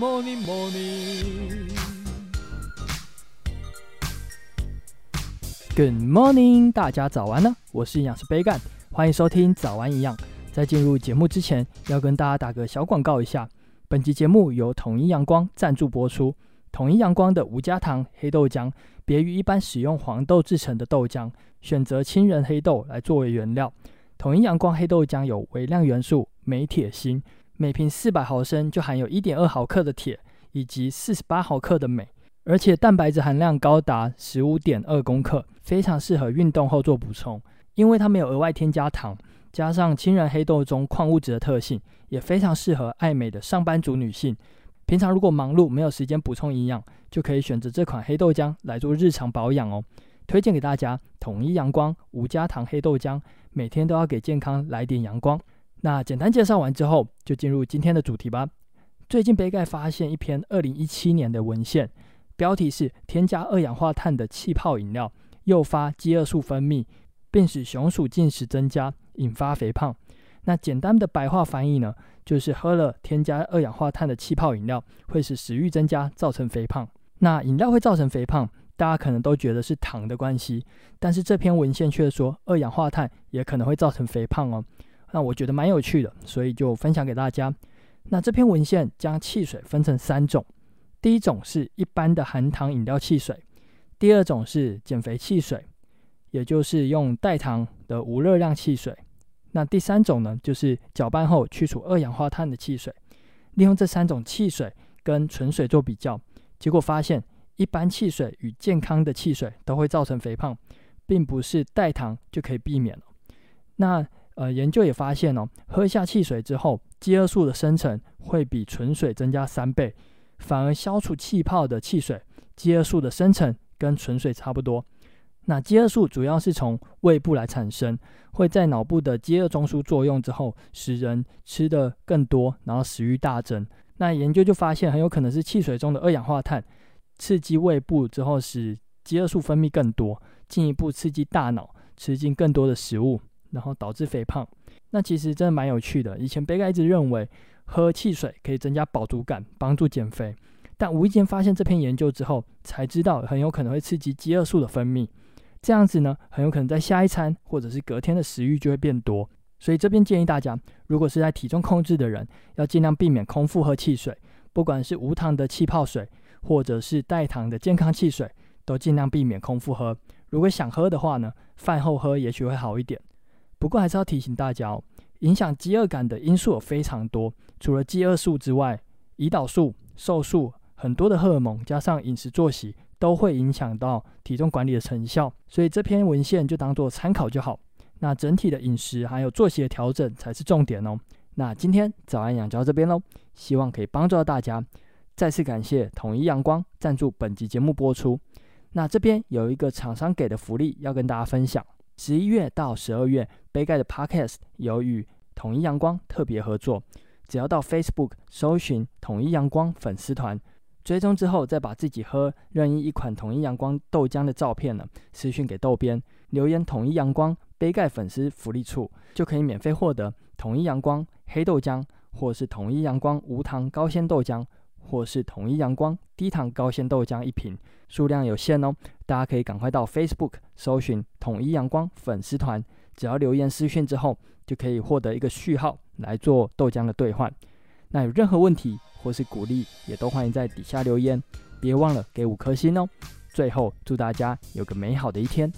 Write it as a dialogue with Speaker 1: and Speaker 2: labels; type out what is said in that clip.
Speaker 1: Morning, morning. Good morning，大家早安呢、啊！我是營養師杯蓋，歡迎收聽早安營養。在進入節目之前，要跟大家打個小廣告一下。本集節目由統一陽光贊助播出。統一陽光的無加糖黑豆漿，別於一般使用黃豆制成的豆漿，選擇青仁黑豆來作為原料。統一陽光黑豆漿有微量元素鎂、鐵、鋅。每瓶四百毫升就含有一點二毫克的鐵以及四十八毫克的鎂，而且蛋白質含量高達十五點二公克，非常適合運動後做補充。因為它沒有額外添加糖，加上青仁黑豆中礦物質的特性，也非常適合愛美的上班族女性。平常如果忙碌沒有時間補充營養，就可以選擇這款黑豆漿來做日常保養哦。推薦給大家統一陽光無加糖黑豆漿，每天都要給健康來點陽光。那簡單介紹完之後，就進入今天的主題吧。最近杯蓋發現一篇二零一七年的文獻，標題是“添加二氧化碳的氣泡飲料誘發飢餓素分泌，並使雄鼠進食增加，引發肥胖”。那簡單的白話翻譯呢，就是喝了添加二氧化碳的氣泡飲料，會使食欲增加，造成肥胖。那飲料會造成肥胖，大家可能都覺得是糖的關係，但是這篇文獻卻說二氧化碳也可能會造成肥胖哦。那我覺得蠻有趣的，所以就分享給大家。那這篇文獻將汽水分成三種：第一種是一般的含糖飲料汽水；第二種是減肥汽水，也就是用代糖的無熱量汽水；那第三種呢，就是攪拌後去除二氧化碳的汽水。利用這三種汽水跟純水做比較，結果發現一般汽水與健康的汽水都會造成肥胖，並不是代糖就可以避免了。那呃，研究也發現哦，喝一下汽水之後，飢餓素的生成會比純水增加三倍，反而消除氣泡的汽水，飢餓素的生成跟純水差不多。那飢餓素主要是從胃部來產生，會在腦部的飢餓中樞作用之後，使人吃得更多，然後食欲大增。那研究就發現，很有可能是汽水中的二氧化碳刺激胃部之後，使飢餓素分泌更多，進一步刺激大腦吃進更多的食物。然後導致肥胖，那其實真的蠻有趣的。以前貝克一直認為喝汽水可以增加飽足感，幫助減肥，但無意間發現這篇研究之後，才知道很有可能會刺激飢餓素的分泌，這樣子呢，很有可能在下一餐或者是隔天的食慾就會變多。所以這邊建議大家，如果是在體重控制的人，要盡量避免空腹喝汽水，不管是無糖的氣泡水，或者是帶糖的健康汽水，都盡量避免空腹喝。如果想喝的話呢，飯後喝也許會好一點。不過還是要提醒大家哦，影響飢餓感的因素有非常多，除了飢餓素之外，胰島素、瘦素、很多的荷爾蒙，加上飲食作息，都會影響到體重管理的成效。所以這篇文獻就當做參考就好。那整體的飲食還有作息的調整才是重點哦。那今天早安營養這邊嘍，希望可以幫助到大家。再次感謝統一陽光贊助本集節目播出。那這邊有一個廠商給的福利要跟大家分享，十一月到十二月。杯蓋的 Podcast 有與統一陽光特別合作，只要到 Facebook 搜尋統一陽光粉絲團，追蹤之後再把自己喝任意一款統一陽光豆漿的照片呢私訊給豆編留言，統一陽光杯蓋粉絲福利處，就可以免費獲得統一陽光黑豆漿，或是統一陽光無糖高纖豆漿，或是統一陽光低糖高纖豆漿一瓶，數量有限哦，大家可以趕快到 Facebook 搜尋統一陽光粉絲團。只要留言私訊之後，就可以獲得一個序號來做豆漿的兌換。那有任何問題或是鼓勵，也都歡迎在底下留言，別忘了給五顆星哦。最後，祝大家有個美好的一天。